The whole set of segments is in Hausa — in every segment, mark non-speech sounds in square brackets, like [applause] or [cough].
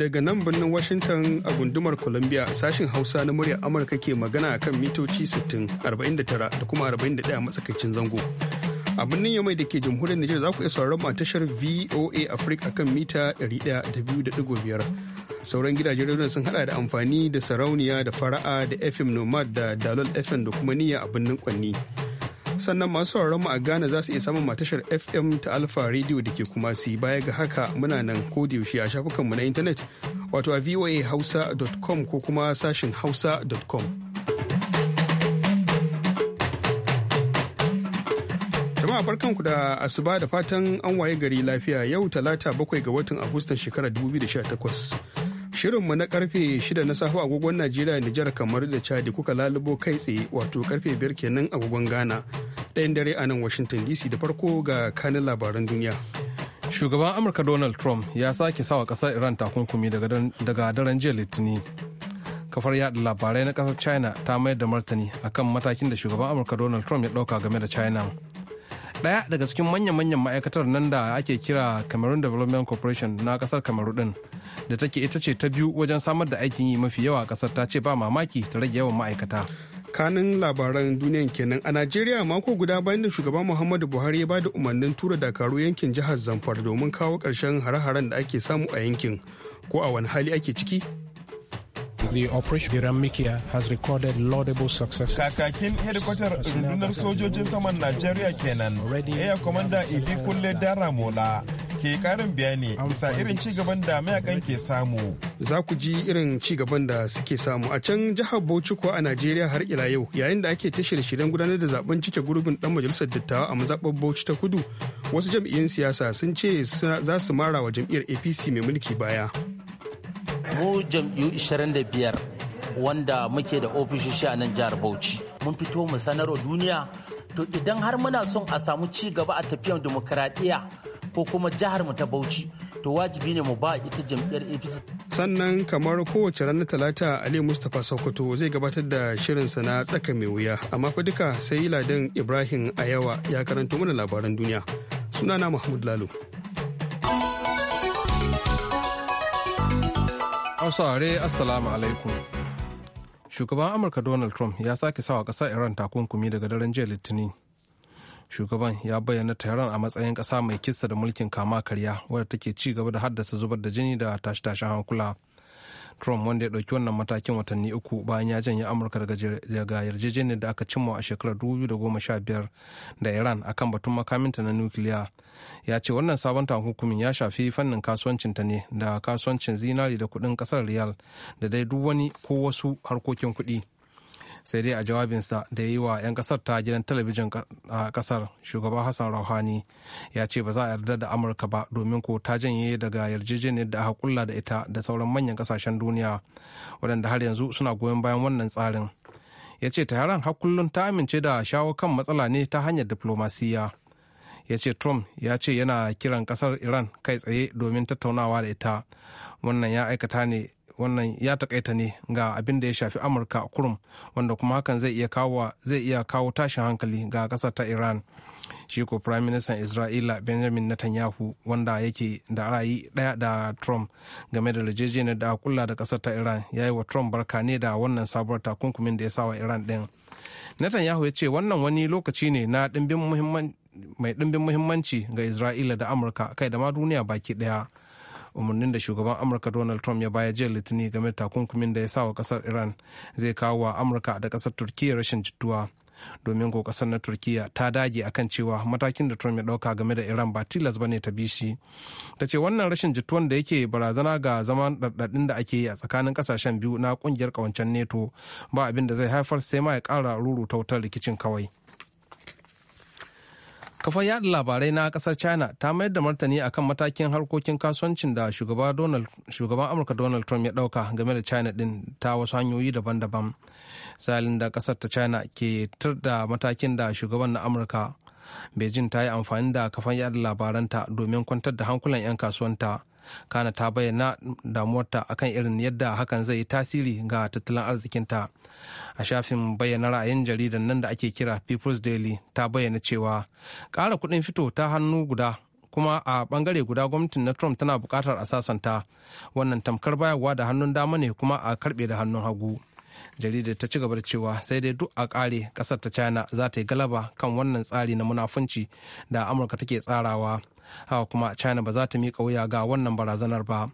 daga nan birnin Washington a gundumar Columbia sashin Hausa na muryar Amurka ke magana a kan mitoci 60, 49 da kuma 41 matsakaicin zango. A birnin Yamai da ke jamhuriyar Nijar za ku iya sauraron a tashar VOA Africa akan mita 102.5. Sauran gidajen rediyon sun hada da amfani da sarauniya da fara'a da FM Nomad da Dalol FM da kuma niyya a birnin Kwanni. sannan masu sauraron mu a Ghana za su iya samun matashar FM ta Alpha Radio da ke kuma si baya ga haka muna nan ko da yaushe a shafukanmu na intanet wato a voahausa.com ko kuma sashin hausa.com. Jama'a ku da asuba da fatan an waye gari lafiya yau talata bakwai ga watan Agustan shekarar 2018. Shirinmu na karfe 6 na safe agogon Najeriya jihar kamar da Chadi kuka lalubo kai tsaye wato karfe 5 kenan agogon Ghana. Ɗayan dare a nan Washington DC da farko ga kanin labaran duniya. Shugaban Amurka Donald Trump ya sake sawa kasar Iran takunkumi daga daren jiya Litinin. Kafar yada labarai na ƙasar China ta mayar da martani akan matakin da shugaban Amurka Donald Trump ya ɗauka game da China. Ɗaya daga cikin manya-manyan ma'aikatar nan da ake kira Cameroon Development Corporation na ƙasar Cameroon din. da take ita ce ta biyu wajen samar da aikin yi mafi yawa a kasar ta ce ba mamaki ta rage yawan ma'aikata kanin labaran duniyan kenan a najeriya mako guda bayan da shugaban muhammadu buhari ya bada umarnin tura dakaru yankin jihar zamfara domin kawo karshen hare-haren da ake samu a yankin ko a wani hali ake ciki The operation Iran Mikia has recorded laudable success. Kakakin hedikwatar rundunar sojojin saman Najeriya kenan, Air Commander Ibi Kulle ke karin bayani bisa irin ci gaban da mayakan ke samu. Za ku ji irin ci gaban da suke samu a can jihar Bauchi ko a Najeriya har ila yau yayin da ake ta shirye-shiryen gudanar da zaben cike gurbin dan majalisar dattawa a mazaɓar Bauchi ta kudu wasu jam'iyyun siyasa sun ce za su mara wa jam'iyyar APC mai mulki baya. Mu jam'iyyu 25 wanda muke da ofishoshi a nan jihar Bauchi. Mun fito mu sanarwa duniya to idan har muna son a samu ci gaba a tafiyar dimokuraɗiyya ko kuma jihar mu ta Bauchi to wajibi ne mu ba ita jam'iyyar APC. Sannan kamar kowace ranar Talata Ali Mustapha Sokoto zai gabatar da shirinsa na tsaka mai wuya amma fa duka sai Ladan Ibrahim Ayawa ya karanto mana labaran duniya. Sunana Mahmud Lalo. Hausare Assalamu alaikum. Shugaban Amurka Donald Trump ya sake sawa ƙasar Iran takunkumi daga daren jiya Litinin. shugaban ya bayyana taron a matsayin ƙasa mai kissa da mulkin kama karya wadda take ci gaba da haddasa zubar da jini da tashi tashin hankula trump wanda ya dauki wannan matakin watanni uku bayan ya janye amurka daga yarjejeniyar da aka cimma a shekarar 2015 da iran akan batun makaminta na nukiliya ya ce wannan sabon hukumin ya shafi fannin kasuwancin ta ne da kasuwancin zinari da kudin kasar riyal da dai duk wani ko wasu harkokin kuɗi. sai dai a jawabinsa da ya yi wa 'yan kasar ta gidan talabijin a kasar shugaba hassan rauhani ya ce ba za a yarda da amurka ba domin ko ta janye daga yarjejeniyar da aka kulla da ita da sauran manyan kasashen duniya waɗanda har yanzu suna goyon bayan wannan tsarin ya ce taron har kullum ta amince da shawo kan matsala ne ta hanyar diplomasiya ya ce trump ya ce yana kiran kasar iran kai tsaye domin tattaunawa da ita wannan ya aikata ne wannan ya takaita ne ga abin da ya shafi amurka kurum wanda kuma hakan zai iya kawo zai iya kawo tashin hankali ga kasar ta iran shi ko prime minister isra'ila benjamin netanyahu wanda yake da ra'ayi daya da trump game da yarjejeniyar da kulla da kasar ta iran ya yi wa trump barka ne da wannan sabuwar takunkumin da ya sa wa iran din netanyahu ya ce wannan wani lokaci ne na dimbin mai dimbin muhimmanci ga isra'ila da amurka kai da ma duniya baki ɗaya umarnin da shugaban amurka donald trump ya baya jiya litinin game da takunkumin da ya sa wa kasar iran zai kawo wa amurka da kasar turkiya rashin jituwa domin ko kasar na turkiya ta dage akan cewa matakin da trump ya dauka game da iran ba tilas bane ta bi shi ta ce wannan rashin jituwan da yake barazana ga zaman ɗarɗaɗin da ake yi a tsakanin kasashen biyu na kungiyar kawancen neto ba abin da zai haifar sai ma ya ƙara ruruta wutar rikicin kawai kafar yada labarai na kasar china ta mayar da martani akan matakin harkokin kasuwancin da shugaban amurka donald trump ya dauka game da china din ta wasu hanyoyi daban-daban salin da kasar ta china ke tur da matakin da shugaban na amurka beijing ta yi amfani da kafan yada labaranta domin kwantar da hankulan 'yan kasuwanta kana ta bayyana damuwarta akan irin yadda hakan zai yi tasiri ga tattalin arzikinta a shafin bayyana ra'ayin jaridan nan da ake kira people's daily ta bayyana cewa ƙara kuɗin fito ta hannu guda kuma a ɓangare guda gwamnatin na trump tana buƙatar a sasanta wannan tamkar bayarwa da hannun dama ne kuma a karɓe da hannun hagu jaridar ta ci gaba da cewa sai dai duk a kare ƙasar ta china za ta yi galaba kan wannan tsari na munafunci da amurka take tsarawa haka kuma china ba za ta miƙa wuya ga wannan barazanar ba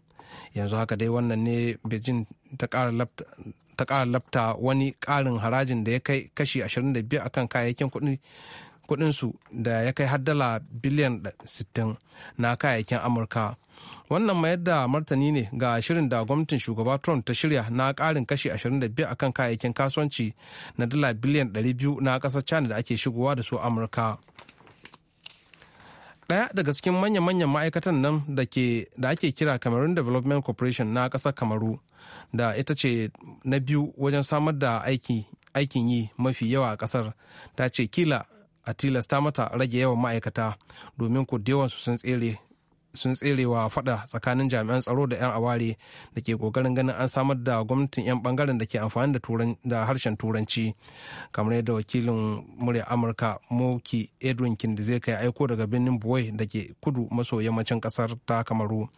yanzu haka dai wannan ne beijing ta ƙara lafta wani ƙarin harajin da ya kai kashi 25 akan kayayyakin kudinsu da ya kai haddala biliyan 60 na kayayyakin amurka wannan mayar da martani ne ga shirin da gwamnatin shugaba trump ta shirya na karin kashi 25 akan kayayyakin kasuwanci na dala biliyan 200 na kasar china da ake shigowa da su amurka ɗaya daga cikin manya-manyan ma'aikatan nan da ake kira cameroon development corporation na ƙasar kamaru da ita ce na biyu wajen samar da aikin yi mafi yawa a ƙasar ta ce kila a tilasta mata rage yawan ma'aikata domin ku su sun tsere sun tserewa fada tsakanin jami'an tsaro da 'yan aware da ke kokarin ganin an samar da gwamnatin 'yan bangaren da ke amfani da harshen turanci kamar yadda wakilin murya amurka moki edwin zai kai aiko daga birnin buwai da ke kudu maso yammacin kasar ta kamaru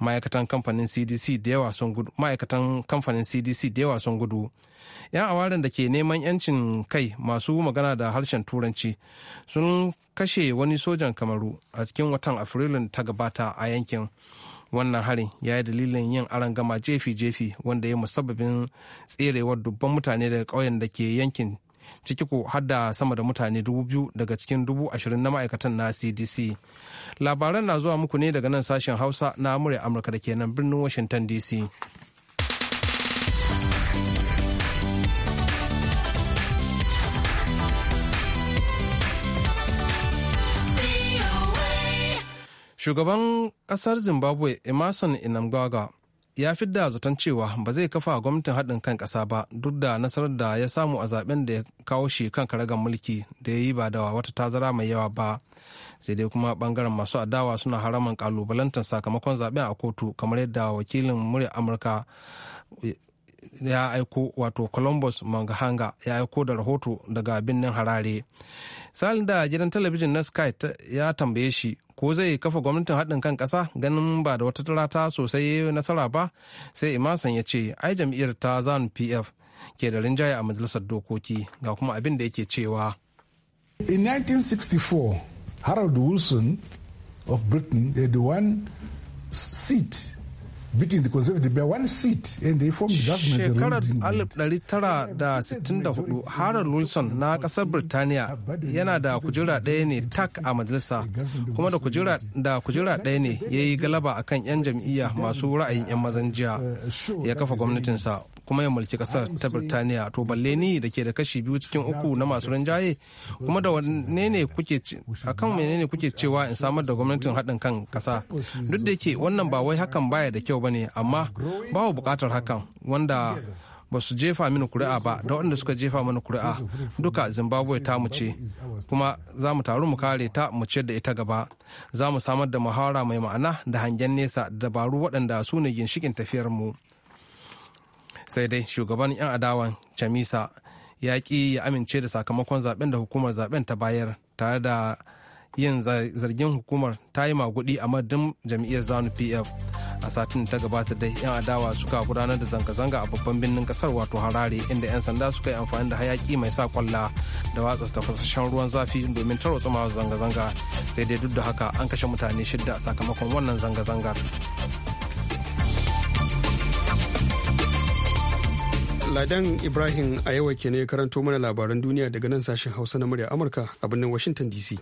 ma'aikatan kamfanin cdc da yawa sun gudu ma'aikatan kamfanin cdc da yawa sun gudu 'yan awaren da ke neman 'yancin kai masu magana da harshen turanci sun kashe wani sojan kamaru a cikin watan afrilun ta gabata mata a yankin wannan harin ya yi dalilin yin aron gama jefi-jefi wanda ya musabbabin tserewar dubban mutane daga ƙauyen da ke yankin ciki ko hada sama da mutane dubu biyu daga cikin dubu ashirin na ma'aikatan na cdc labaran na zuwa muku ne daga nan sashen hausa na murya amurka da ke nan birnin washington dc shugaban kasar zimbabwe emerson inamgwaga ya fidda zaton cewa ba zai kafa gwamnatin haɗin kan ƙasa ba duk da nasarar da ya samu a zaben da ya kawo shi kan karagar mulki da ya yi ba da wata tazara mai yawa ba sai dai kuma bangaren masu adawa suna haraman kalubalantar sakamakon zaben a kotu kamar yadda wakilin murya amurka ya aiko wato columbus mangahanga ya aiko da rahoto daga birnin harare salin da gidan talabijin na sky ya tambaye shi ko zai kafa gwamnatin haɗin kan ƙasa ganin ba da wata tarata sosai nasara ba sai imasan ya ce ai jam'iyyar ta zanu pf ke da rinjaye a majalisar dokoki ga kuma abin da yake cewa in 1964 harold wilson of britain they the one seat beating the conservative by one seat and they formed government shekarar 1964 harold wilson na kasar birtaniya yana da kujera ɗaya ne tak a majalisa kuma da kujera da kujera ɗaya ne ya yi galaba akan 'yan jam'iyya masu ra'ayin 'yan mazan jiya ya kafa gwamnatinsa kuma ya mulki kasar ta birtaniya to balle ni da ke da kashi biyu cikin uku na masu rinjaye kuma da wanne ne kuke wane menene kuke cewa in samar da gwamnatin haɗin kan kasa duk da ke wannan ba wai hakan baya da kyau bane amma babu buƙatar hakan wanda ba su jefa mini kuri'a ba da waɗanda suka jefa mini kuri'a duka zimbabwe ta mu ce kuma za mu taru mu kare ta mu ciyar da ita gaba za mu samar da muhawara mai ma'ana da hangen nesa da dabaru waɗanda su ne ginshikin tafiyar mu sai dai shugaban 'yan adawan chamisa ya ki ya amince da sakamakon zaben da hukumar zaben ta bayar tare da yin zargin hukumar ta yi magudi a madadin jam'iyyar zanu pf a satin ta gabata dai yan adawa suka gudanar da zanga-zanga a babban birnin kasar wato harare inda yan sanda suka yi amfani da hayaki mai sa kwalla da watsa tafasashen ruwan zafi domin tarwatsa masu zanga-zanga sai dai duk da haka an kashe mutane shidda sakamakon wannan zanga-zangar Ladan Ibrahim a yawa ke ne karanto mana labaran duniya daga nan sashen Hausa na murya Amurka a birnin Washington DC.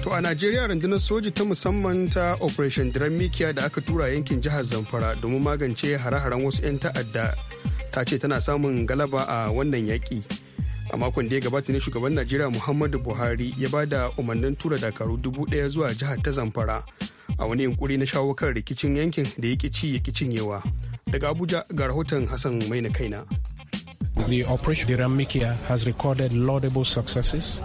To a Najeriya rundunar soji ta musamman ta Operation Dramikiya da aka tura yankin jihar Zamfara domin magance hare-haren wasu 'yan ta'adda ta ce tana samun galaba a wannan yaƙi. a makon da ya gabata ne shugaban najeriya muhammadu buhari ya ba da umarnin tura dakaru dubu daya zuwa jihar ta zamfara a wani yunkuri na shawo kan rikicin yankin da ya ci ya cinyewa daga abuja ga rahoton hassan mai na kaina The operation Ramikia has recorded laudable successes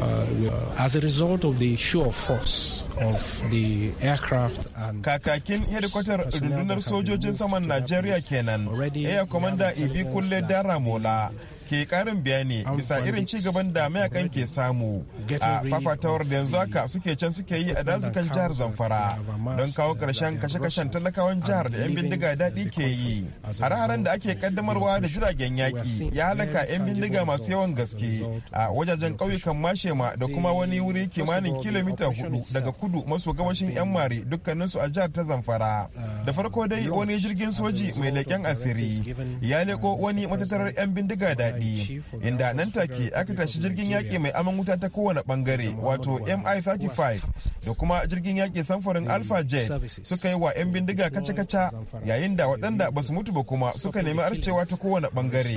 uh, as a result of the show of force of the aircraft and kakakin hedikwatar rundunar sojojin saman Najeriya kenan Air Commander Ibi Kulle Dara Mola ke karin bayani bisa irin ci gaban da kan ke samu a fafatawar da yanzu haka suke can suke yi a dazukan jihar zamfara don kawo karshen kashe-kashen talakawan jihar da 'yan bindiga daɗi ke yi har da ake kaddamarwa da jiragen yaƙi ya halaka 'yan bindiga masu yawan gaske a wajajen ƙauyukan mashema da kuma wani wuri kimanin kilomita hudu daga kudu maso gabashin 'yan mare dukkaninsu a jihar ta zamfara uh, da farko dai wani jirgin soji mai leƙen asiri ya leko wani matattarar 'yan bindiga daɗi. daɗi inda nan take aka tashi jirgin yaƙi mai aman wuta ta kowane bangare wato mi-35 da kuma jirgin yaƙi samfurin alpha jet suka yi wa 'yan bindiga kaca-kaca yayin da waɗanda ba su mutu ba kuma suka nemi arcewa ta kowane bangare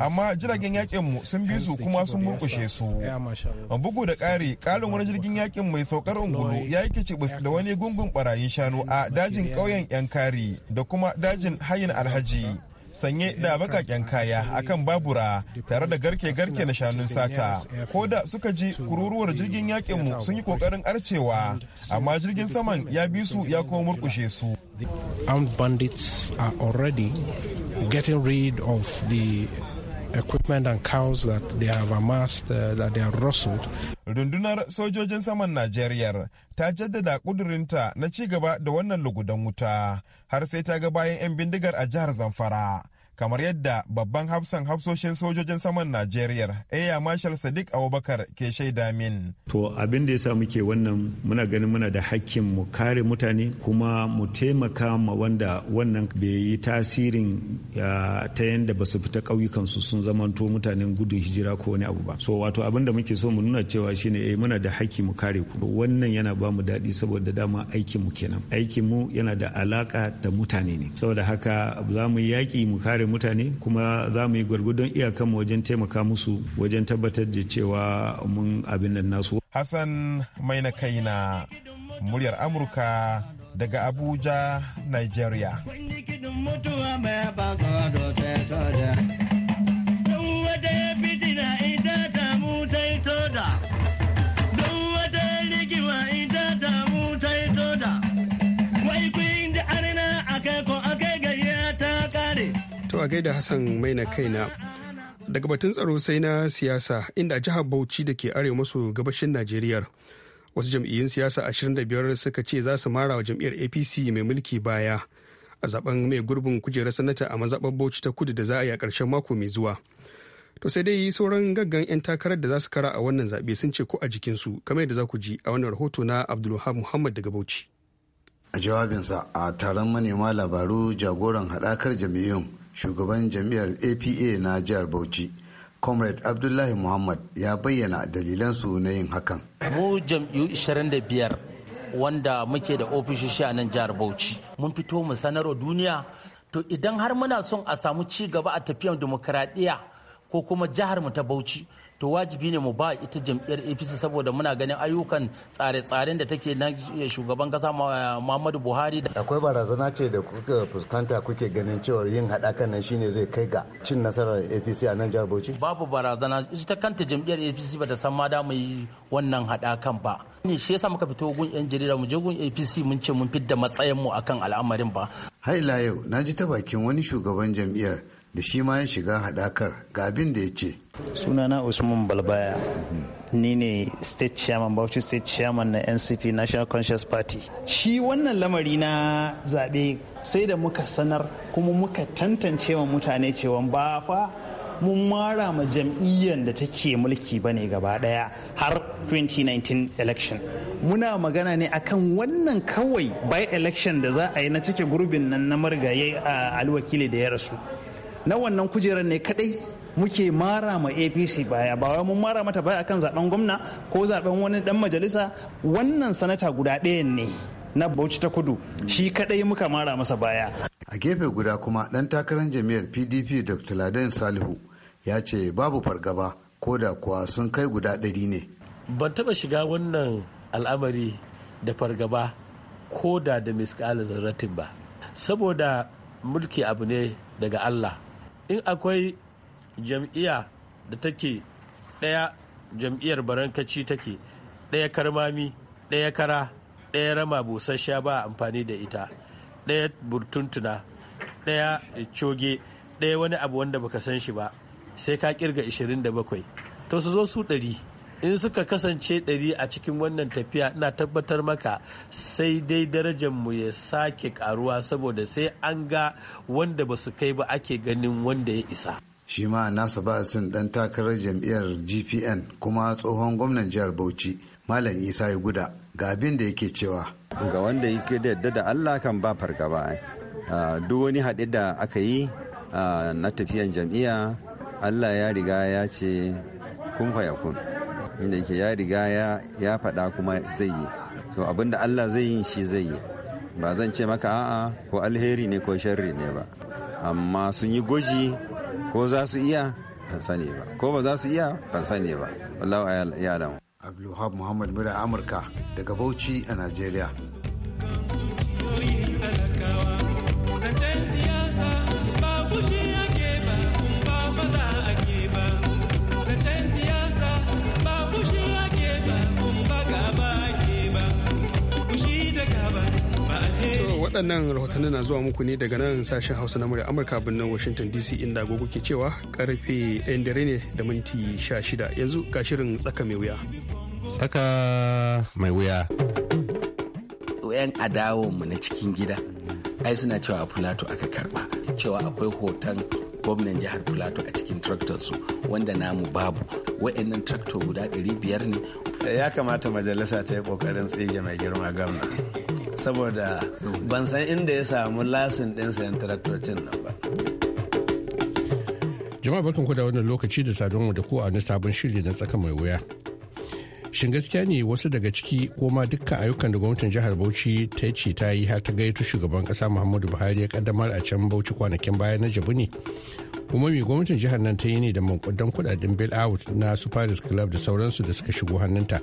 amma jiragen yaƙin mu sun bi su kuma sun murƙushe su bugu da ƙari ƙalin wani jirgin yaƙin mai saukar ungulu ya yi kicibis da wani gungun barayin shanu a dajin ƙauyen yankari da kuma dajin hayin alhaji sanye da bakaken kaya akan babura tare da garke-garke na shanun sata ko da suka ji kururuwar jirgin yakinmu sun yi kokarin arcewa amma jirgin saman ya bi su ya kuma murkushe su armed bandits are already getting rid of the equipment and cows that they have amassed, uh, that they are rustled. Rundunar sojojin saman Najeriya ta jaddada kudurinta na ci gaba da wannan lugudan wuta har sai ta ga bayan 'yan bindigar a jihar Zamfara. kamar yadda babban hafsan hafsoshin sojojin saman Najeriya Air Marshal Sadiq Abubakar ke shaida min. To abin da yasa muke wannan muna ganin muna da hakkin mu kare mutane kuma mu taimaka ma wanda wannan bai yi tasirin ta yadda ba su fita ƙauyukan su sun zamanto mutanen gudun hijira ko wani abu ba. So wato abin da muke so mu nuna cewa shine eh muna da hakki mu kare ku. Wannan yana ba mu daɗi saboda dama aikin mu kenan. Aikin mu yana da alaka da mutane ne. Saboda haka za mu yaƙi mu kare mutane kuma za mu yi gwargwadon mu wajen taimaka musu wajen tabbatar da cewa mun abin nan nasu. Hassan mai na kai na muryar Amurka daga Abuja, Nigeria. a gaida Hassan mai na kaina. Daga batun tsaro sai na siyasa inda jihar Bauchi da ke arewa maso gabashin Najeriya. Wasu jam'iyyun siyasa 25 suka ce za su mara wa jam'iyyar APC mai mulki baya a zaben mai gurbin kujerar sanata a mazaɓar Bauchi ta kudu da za a yi a ƙarshen mako mai zuwa. To sai dai sauran gaggan 'yan takarar da za su kara a wannan zaɓe sun ce ko a jikinsu kamar yadda za ku ji a wannan rahoto na Abdulwahab Muhammad daga Bauchi. a jawabinsa a taron manema labaru jagoran haɗakar jam'iyyun shugaban jam'iyyar apa na jihar bauchi comrade abdullahi muhammad ya bayyana dalilansu na yin hakan mu jam'iyyu 25 wanda muke da ofishoshi a nan jihar bauchi mun fito mu sanarwa duniya to idan har muna son a samu ci gaba a tafiyar dimokuraɗiyya ko kuma jihar mu ta Bauchi to wajibi ne mu ba ita jam'iyyar apc saboda muna ganin ayyukan tsare-tsaren da take na shugaban kasa muhammadu buhari da akwai barazana ce da kuka fuskanta kuke ganin cewa yin haɗakan nan shine zai kai ga cin nasarar apc a nan jihar bauchi babu barazana ita kanta jam'iyyar apc bata san ma da mu yi wannan haɗakan ba ne shi yasa muka fito gun yan jarida mu je gun apc mun ce mun fidda matsayin mu akan al'amarin ba hai ila yau na ji ta bakin wani shugaban jam'iyyar da shi ma ya shiga haɗakar ga abin da ya ce. sunana usman balbaya ni ne state chairman bauchi state chairman na ncp national conscious party shi wannan lamari na zaɓe sai da muka sanar kuma muka tantance wa mutane cewa ba fa mun mara ma jam'iyyar da take mulki ba ne gaba daya har 2019 election muna magana ne akan wannan kawai by election da za a yi na cike gurbin nan na marigaye a alwakili da ya rasu na wannan kujerar ne kadai muke mara ma apc baya ba wai mun mara mata baya akan zaben gwamna ko zaben wani dan majalisa wannan sanata guda ɗayan ne na bauchi ta kudu shi kadai muka mara masa baya a gefe guda kuma dan takarar jami'ar pdp dr laden salihu ya ce babu fargaba ko da kuwa sun kai guda ɗari ne ban taba shiga wannan al'amari da fargaba ko da da miskala zarratin ba saboda mulki abu ne daga allah in akwai jam'iyya da take ɗaya jam'iyyar barankaci take ɗaya karmami ɗaya kara ɗaya rama busasshiya ba amfani da ita ɗaya burtuntuna ɗaya coge ɗaya wani abu wanda baka san shi ba sai ka kirga 27 to su zo su ɗari in suka kasance ɗari a cikin wannan tafiya ina tabbatar maka sai dai darajar mu ya sake karuwa saboda sai an ga wanda ba su kai ba ake ganin wanda ya isa shi ma nasa ba sun dan takarar jam'iyyar gpn kuma tsohon gwamnan jihar bauchi malam isa ya guda ga abin da yake cewa ga wanda yake da yadda da allah kan ba fargaba ah, duk wani haɗe da aka yi ah, na tafiyan jam'iyya allah ya riga ya ce kun fayakun inda yake ya riga ya faɗa kuma zai yi so abinda allah zai yi shi zai yi ba zan ce maka a'a ko alheri ne ko sharri ne ba amma sun yi gwaji ko za su iya ban sani ba ko ba za su iya ban sani ba wallahu ya alamu abdulhab muhammad mura amurka daga bauchi a najeriya waɗannan rahotanni na zuwa muku ne daga nan sashen hausa na murya amurka birnin washington dc inda gogo ke cewa karfe ɗayan dare ne da minti 16 yanzu ga shirin tsaka mai wuya tsaka mai wuya adawo mu na cikin gida ai suna cewa a aka karba cewa akwai hoton gwamnan jihar plateau a cikin su wanda namu babu wa'annan traktor guda 500 ne ya kamata majalisa ta yi kokarin tsige mai girma gamna saboda ban san inda ya samu lasin ɗin sayan taraktocin nan ba. Jama'a barkan ku da wannan lokaci da sadon da ku a wani sabon shiri na tsaka mai wuya. Shin gaskiya ne wasu daga ciki ko ma dukkan ayyukan da gwamnatin jihar Bauchi ta ce ta yi har ta gayyato shugaban kasa Muhammadu Buhari ya kaddamar a can Bauchi kwanakin baya na jabu ne. Kuma mai gwamnatin jihar nan ta yi ne da mankudan kudaden bail out na Super Club da sauransu da suka shigo hannunta.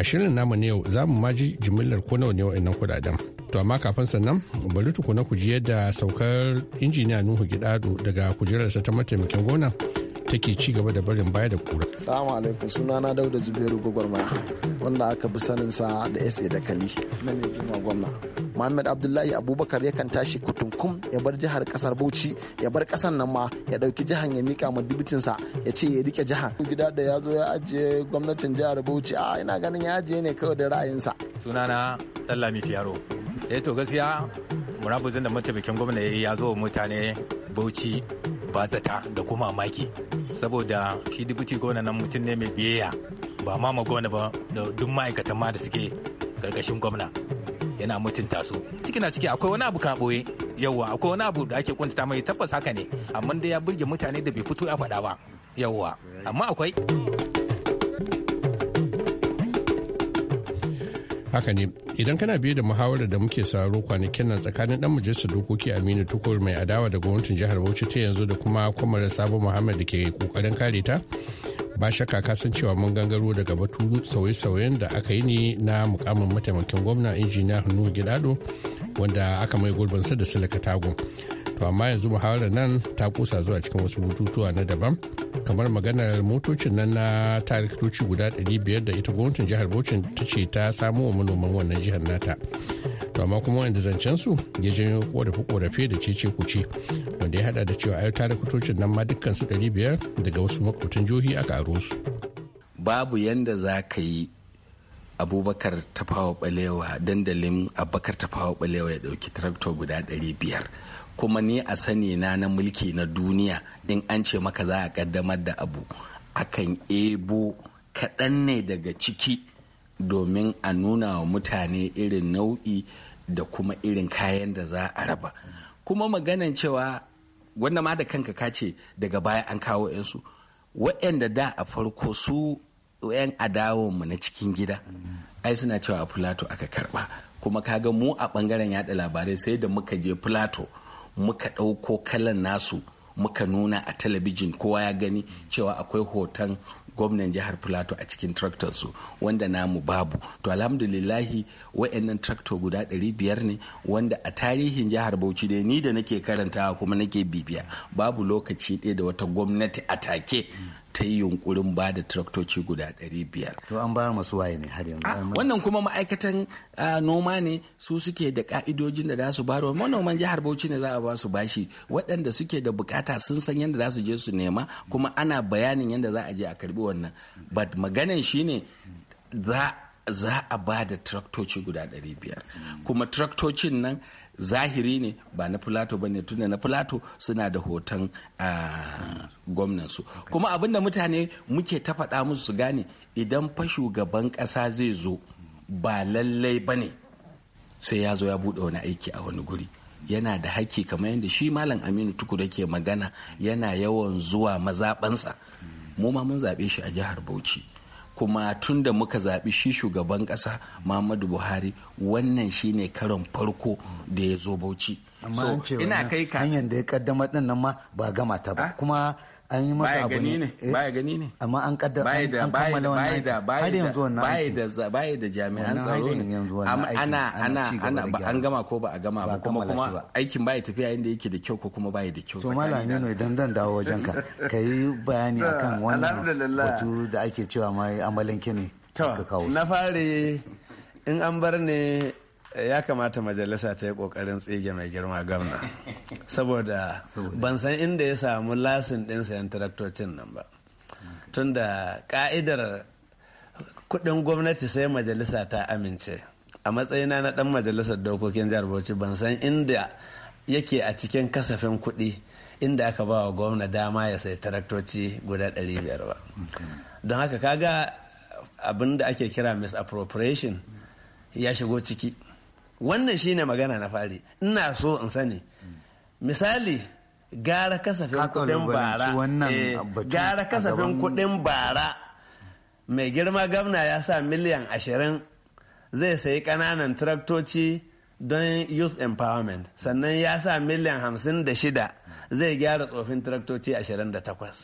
a shirin namu ne yau za mu maji jimillar ko nawa ne wa'annan kudaden to amma kafin sannan bari tukuna ku ji yadda saukar injiniya nuhu gidado daga kujerarsa ta mataimakin gona take ci gaba da barin baya da kura. Salamu alaikum sunana Dauda Zubairu Gwagwarmaya wanda aka fi sanin sa da SA da Kali na ne girma gwamna. Muhammad Abdullahi Abubakar yakan tashi kutunkum ya bar jihar kasar Bauchi ya bar kasar nan ma ya dauki jihar ya mika ma dubitin sa ya ce ya rike jihar. Gida da ya zo ya ajiye gwamnatin jihar Bauchi a ina ganin ya ajiye ne kawai da ra'ayinsa. Sunana Dallami Fiyaro. Eh to gaskiya murabuzin da mataimakin gwamna ya zo mutane Bauchi ba zata da kuma maki saboda shi dubuti gona nan mutum ne mai biyayya ba ma ma ba da duk ma'aikatan ma da suke karkashin gwamna yana mutunta su ciki na ciki akwai wani abu ka boye yawwa akwai wani abu da ake kuntata mai tabbas haka ne amma dai ya burge mutane da bai fito ya faɗa ba yawwa amma akwai haka ne idan kana biye da muhawarar da muke sauraro kwanakin nan tsakanin dan majalisar dokoki aminu tukur mai adawa da gwamnatin jihar bauchi ta yanzu da kuma kwamar sabo muhammad da ke kokarin kare ta ba shakka ka san cewa mun gangaro daga batu sauye-sauyen da aka yi ne na mukamin mataimakin gwamna injiniya hannu gidado wanda aka mai gurbinsa da silika tagun to amma yanzu muhawarar nan ta kusa zuwa cikin wasu bututuwa na daban kamar maganar motocin nan na tariktoci guda 500 da ita gwamnatin jihar bauchi ta ce ta samo wa manoman wannan jihar nata to amma kuma wanda zancen su ya janyo korafi korafe da cece kuce wanda ya hada da cewa ayo tarikutocin nan ma dukkan su 500 daga wasu makwabtan jihohi aka aro su babu yanda za ka yi abubakar tafawa balewa dandalin abubakar tafawa balewa ya dauki tarakto guda 500 kuma ni a sani na na mulki na duniya in an ce maka za a kaddamar da abu akan ebo kaɗan ne daga ciki domin a nuna wa mutane irin nau'i da kuma irin kayan da za a raba kuma maganan cewa wanda ma da kanka ka ce daga baya an kawo 'yansu waɗanda da a farko su 'yan mu na cikin gida ai suna cewa a fulato aka karba kuma kaga mu a ɓangaren yaɗa labarai sai da muka je fulato muka ɗauko kalan nasu muka nuna a talabijin kowa ya gani cewa akwai hoton gwamnan jihar filato a cikin su wanda namu babu to alhamdulillahi wa'annan tractor guda 500 ne wanda a tarihin jihar bauchi dai ni da nake karantawa kuma nake bibiya babu lokaci ɗaya da wata gwamnati a take ta yi yunkurin ba da traktoci guda 500. To an bayar masu waye ne har yanzu. Ah, wannan kuma ma'aikatan ah, noma ne su suke da ka'idojin da za su bayar wa manoman jihar Bauchi ne za a ba su bashi waɗanda suke da bukata sun san yadda za su je su nema kuma ana bayanin yadda za a je a karbi wannan. But maganan shi ne za a ba da traktoci guda 500 kuma traktocin nan zahiri ne ba na filato ba ne tunda na filato suna da hoton gwamnansu kuma abin da mutane muke ta faɗa musu su gane idan fa shugaban ƙasa zai zo ba lallai ba ne sai ya zo ya buɗe wani aiki a wani guri yana da haƙƙi kamar yadda shi malam aminu tukuru ke magana yana yawan zuwa mazaɓansa mu ma mun zaɓe shi a jihar bauchi kuma tun da muka zaɓi shi shugaban ƙasa Muhammadu Buhari wannan shine karon farko da ya zo Bauchi. Amma an ce hanyar da ya kaddamar ɗin nan ma ba gama ta ba. Kuma an yi masa abu ne eh, baya gani ne amma an kaddar har yanzu baya da jami'an tsaro ne ana an gama ko ba a gama ba kuma kuma aikin baya tafiya inda yake da kyau ko kuma baya da kyau to malam Aminu idan zan dawo wajen ka kai bayani [laughs] akan wannan da ake cewa mai amalanke ne na fare in an bar ne Eh, ya kamata majalisa ta yi kokarin tsige mai girma gwamna [laughs] saboda ban san inda ya samu lasin din sayan taraktocin nan ba tunda ka'idar kudin gwamnati sai majalisa ta amince a matsayina na dan majalisar dokokin jihar bauchi ban san inda yake a cikin kasafin kuɗi inda aka ba wa gwamna dama ya sai taraktoci guda 500 ba don haka kaga abin da ake kira misappropriation ya shigo ciki wannan shine magana na fari ina so in sani misali gara kasafin kudin bara eh, gara kasafin kudin bara mai girma gamna ya sa miliyan ashirin zai sayi kananan traktoci don youth empowerment sannan ya sa miliyan hamsin da shida zai gyara tsofin traktoci ashirin da takwas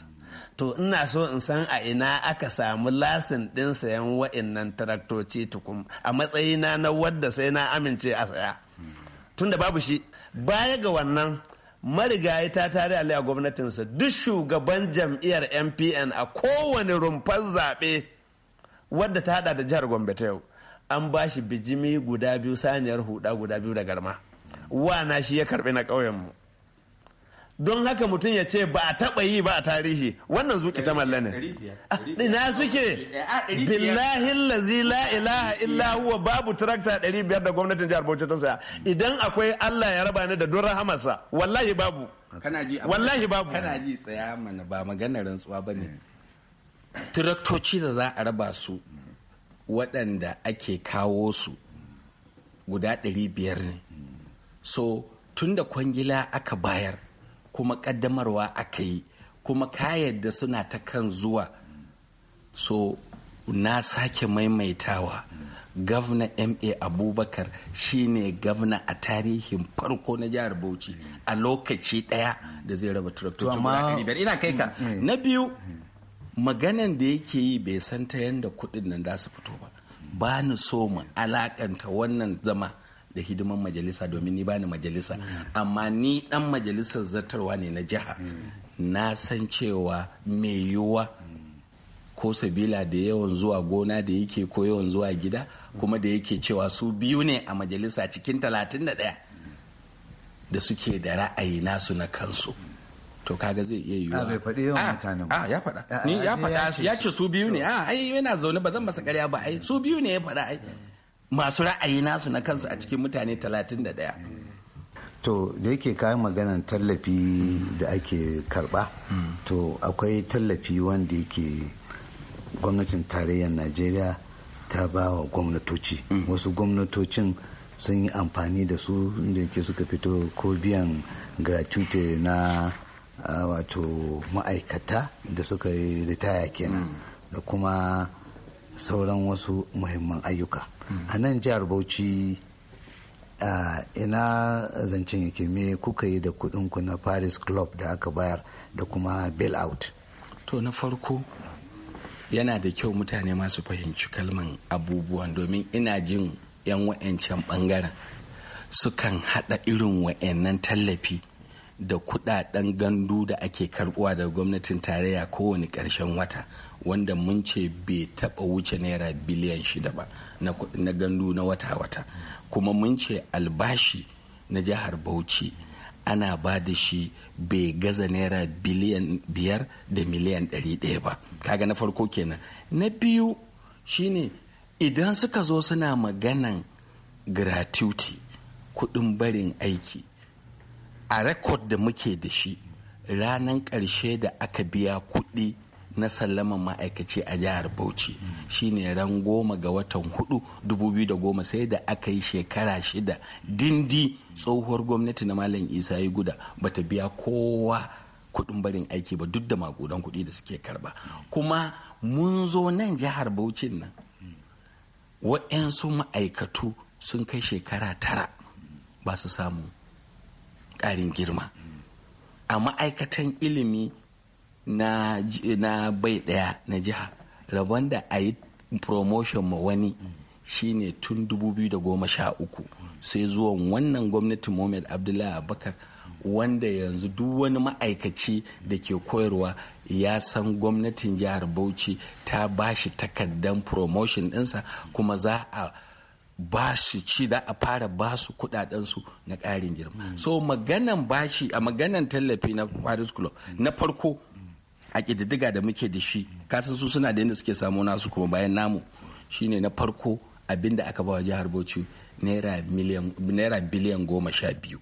to ina so in san a ina aka samu lasin ɗin sayan wa'innan taraktoci tukum a matsayina na wadda sai na amince a saya tunda babu shi baya ga wannan marigayi ta tare a gwamnatinsa duk shugaban jam'iyyar mpn a kowane rumfar zaɓe wadda ta hada da jihar gombe ta yau an ba shi bijimi guda biyu saniyar huda guda biyu da garma wana shi ya karbi na ƙauyenmu don haka mutum ya ce ba a taɓa yi ba a tarihi wannan zuƙi ta malla ne ah, na suke eh, ah, billahin lazi la ilaha illa huwa babu tarakta 500 da gwamnatin jihar bauchi ta saya idan akwai allah ya raba ni da don rahamarsa wallahi babu wallahi babu kana ji tsaya mana ba maganar rantsuwa ba ne eh. Traktoci da za a raba su waɗanda ake kawo su guda 500 ne so tun da kwangila aka bayar kuma ƙaddamarwa aka yi kuma ka yadda suna ta kan zuwa so na sake maimaitawa gavna ma abubakar shine gavna a tarihin farko na jihar bauchi a lokaci daya da zai raba turaktoci ina kai ka mm, mm. na biyu maganan da yake yi bai san ta yadda kudin nan za su fito ba ba ni so mu alakanta wannan zama da hidiman majalisa domin ni bani majalisa amma ni dan majalisar zartarwa ne na jiha na san cewa mai yiwuwa ko sabila da yawan zuwa gona da yake ko yawan zuwa gida kuma da yake cewa su biyu ne a majalisa cikin talatin da da suke da ra'ayi nasu na kansu to kaga zai iya yiwuwa ah, bai faɗi yawan ah, mutanen ba ah, ya faɗa ni ya faɗa ya ce su biyu ne a ai yana zaune ba zan masa ƙarya ba ai su biyu ne ya faɗa ai masu ra'ayi nasu na kansu a cikin mutane 31 to da yake kayan maganan tallafi da ake karba to akwai tallafi wanda yake gwamnatin tarayyar najeriya ta ba wa gwamnatoci wasu gwamnatocin sun yi amfani da su inda yake suka fito ko biyan gratuity na wato ma'aikata da suka yi ritaya kenan da kuma sauran wasu muhimman ayyuka a nan jihar bauchi ina zancen yake me kuka yi da ku na paris club da aka bayar da kuma bail out to na farko yana da kyau mutane masu fahimci kalman abubuwan domin ina jin 'yan wa'ancan bangaren sukan hada irin wa'annan tallafi da kudaden gandu da ake karbuwa daga gwamnatin tarayya kowane karshen wata wanda mun ce bai taba wuce naira biliyan shida ba na gandu na wata-wata kuma mun ce albashi na jihar bauchi ana ba da shi bai gaza naira biliyan biyar da miliyan ɗari ɗaya ba kaga na farko kenan na biyu shine idan suka zo suna maganan gratuity kudin barin aiki a rekod da muke da shi ranar ƙarshe da aka biya kuɗi na sallaman ma'aikaci a jihar bauchi shine ran goma ga watan hudu goma sai da aka yi shekara shida dindi tsohuwar gwamnati na malam isa yi guda bata biya kowa kudin barin aiki ba duk da makudan kudi da suke karba kuma mun zo nan jihar bauchin nan wa'yansu ma'aikatu sun kai shekara tara ba su samu ƙarin girma a ma'aikatan ilimi na, na bai ɗaya na jiha rabon da a yi promotion ma wani shine tun 2013 sai zuwa wannan gwamnatin mohamed abdullahi abubakar wanda yanzu duk wani ma'aikaci da ke koyarwa ya san gwamnatin jihar bauchi ta bashi takardar promotion ɗinsa kuma za a bashi ci da a fara basu kudadensu na ƙarin girma so maganan bashi a maganan tallafi na paris club na farko a ƙididdiga da muke da shi kasan su suna da yadda suke samu nasu kuma bayan namu shine na farko abinda aka bawa jihar bauchi naira biliyan goma sha biyu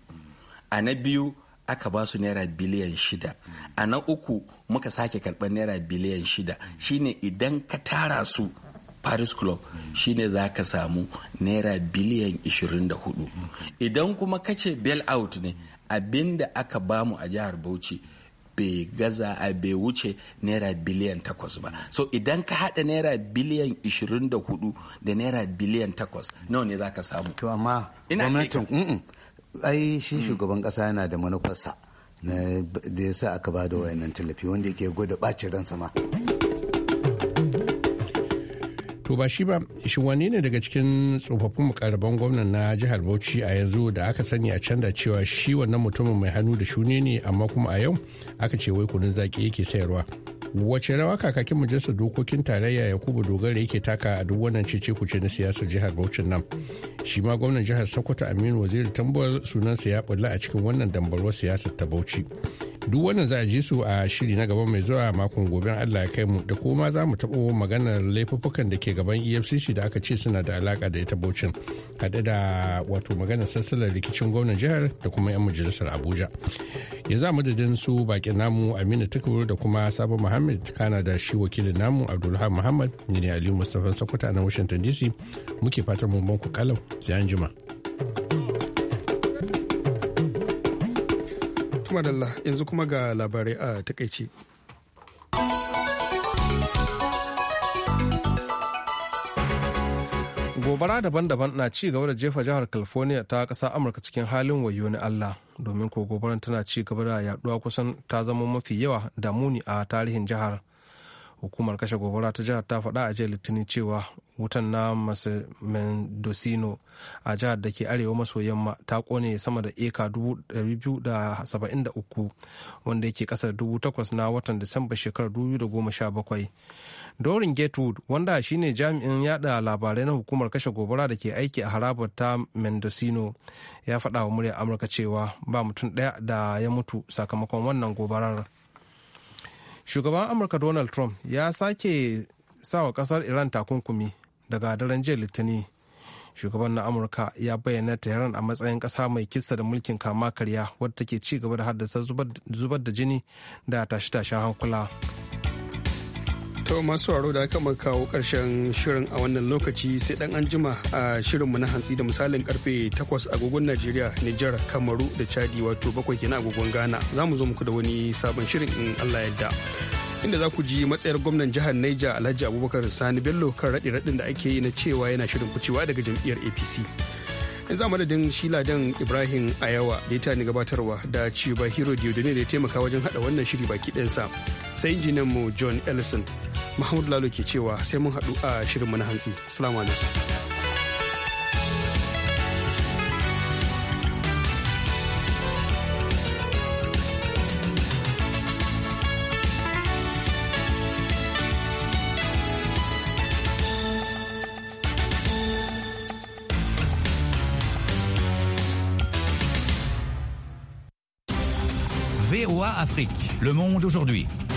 a na biyu aka ba su naira biliyan shida a na uku muka sake karɓar naira biliyan shida shine idan ka tara su paris club shine za ka samu naira biliyan 24 idan kuma kace bail out ne abinda aka bamu a jihar bauchi bai gaza a bai wuce naira biliyan takwas ba so idan ka hada naira biliyan 24 da naira biliyan takwas nawa ne za ka samu to amma gwamnatin ai shi shugaban kasa yana da manufarsa da ya sa aka ba da wayannan tallafi wanda yake gwada bacin ransa ma to ba shi ba shi wani ne daga cikin tsofaffin mukarraban gwamnan na jihar bauchi a yanzu da aka sani a canza cewa shi wannan mutumin mai hannu da shune ne amma kuma a yau aka ce wai kunun zaki yake sayarwa wace rawa kakakin majalisar dokokin tarayya yakubu dogara yake taka a duk wannan cece kuce na siyasar jihar bauchi nan shi ma gwamnan jihar sokoto aminu waziri tambuwar sunansa ya bulla a cikin wannan dambarwar siyasar ta bauchi duk wannan za a ji su a shiri na gaba mai zuwa makon gobe allah ya kai mu da kuma za mu taɓo maganar laifuffukan da ke gaban efcc da aka ce suna da alaka da ita baucin haɗe da wato maganar sassalar rikicin gwamnan jihar da kuma 'yan majalisar abuja ya za madadin su bakin namu aminu tukur da kuma sabon muhammad kana da shi wakilin namu Abdulrahman muhammad ne aliyu mustapha sakuta na washington dc muke fatan mun ban ku kalau sai an jima. madalla yanzu kuma ga labarai a takaice. gobara daban-daban na ci gaba da jefa jihar california ta kasa amurka cikin halin wayo na allah domin ko gobaran tana ci gaba da yaduwa kusan ta zama mafi yawa da muni a tarihin jihar hukumar kashe gobara ta jihar ta faɗa a jiya litinin cewa wutan na mendocino a jihar da ke arewa maso yamma ta kone sama da eka 273 wanda yake kasar 8,000 na watan disamba shekarar 2017 dorin gatewood wanda shine jami'in yada labarai na hukumar kashe gobara da ke aiki a harabar ta mendocino ya faɗa wa murya amurka cewa ba mutum ɗaya da ya mutu sakamakon wannan gobarar. shugaban amurka donald trump ya sake sawa kasar iran takunkumi daga daren jiya litinin shugaban na amurka ya bayyana tehran a matsayin kasa mai kisa da mulkin kama karya wadda take ci gaba da haddasa zubar da jini da tashe-tashen hankula. To masu waro da aka kawo karshen shirin a wannan lokaci sai dan an jima a shirinmu na hantsi da misalin karfe 8 agogon Najeriya, Nijar, Kamaru da Chadi wato bakwai kenan agogon Ghana. Za mu zo muku da wani sabon shirin in Allah yadda. Inda za ku ji matsayar gwamnan jihar Niger Alhaji Abubakar Sani Bello kan raɗi raɗin da ake yi na cewa yana shirin ficewa daga jam'iyyar APC. in za madadin shila dan ibrahim ayawa da ya ni gabatarwa da chiba hero diodone da ya taimaka wajen hada wannan shiri baki ɗansa sai injinan mu john ellison mahmud lalo ke cewa sai mun haɗu a shirinmu na hantsi alaikum Afrique. Le monde aujourd'hui.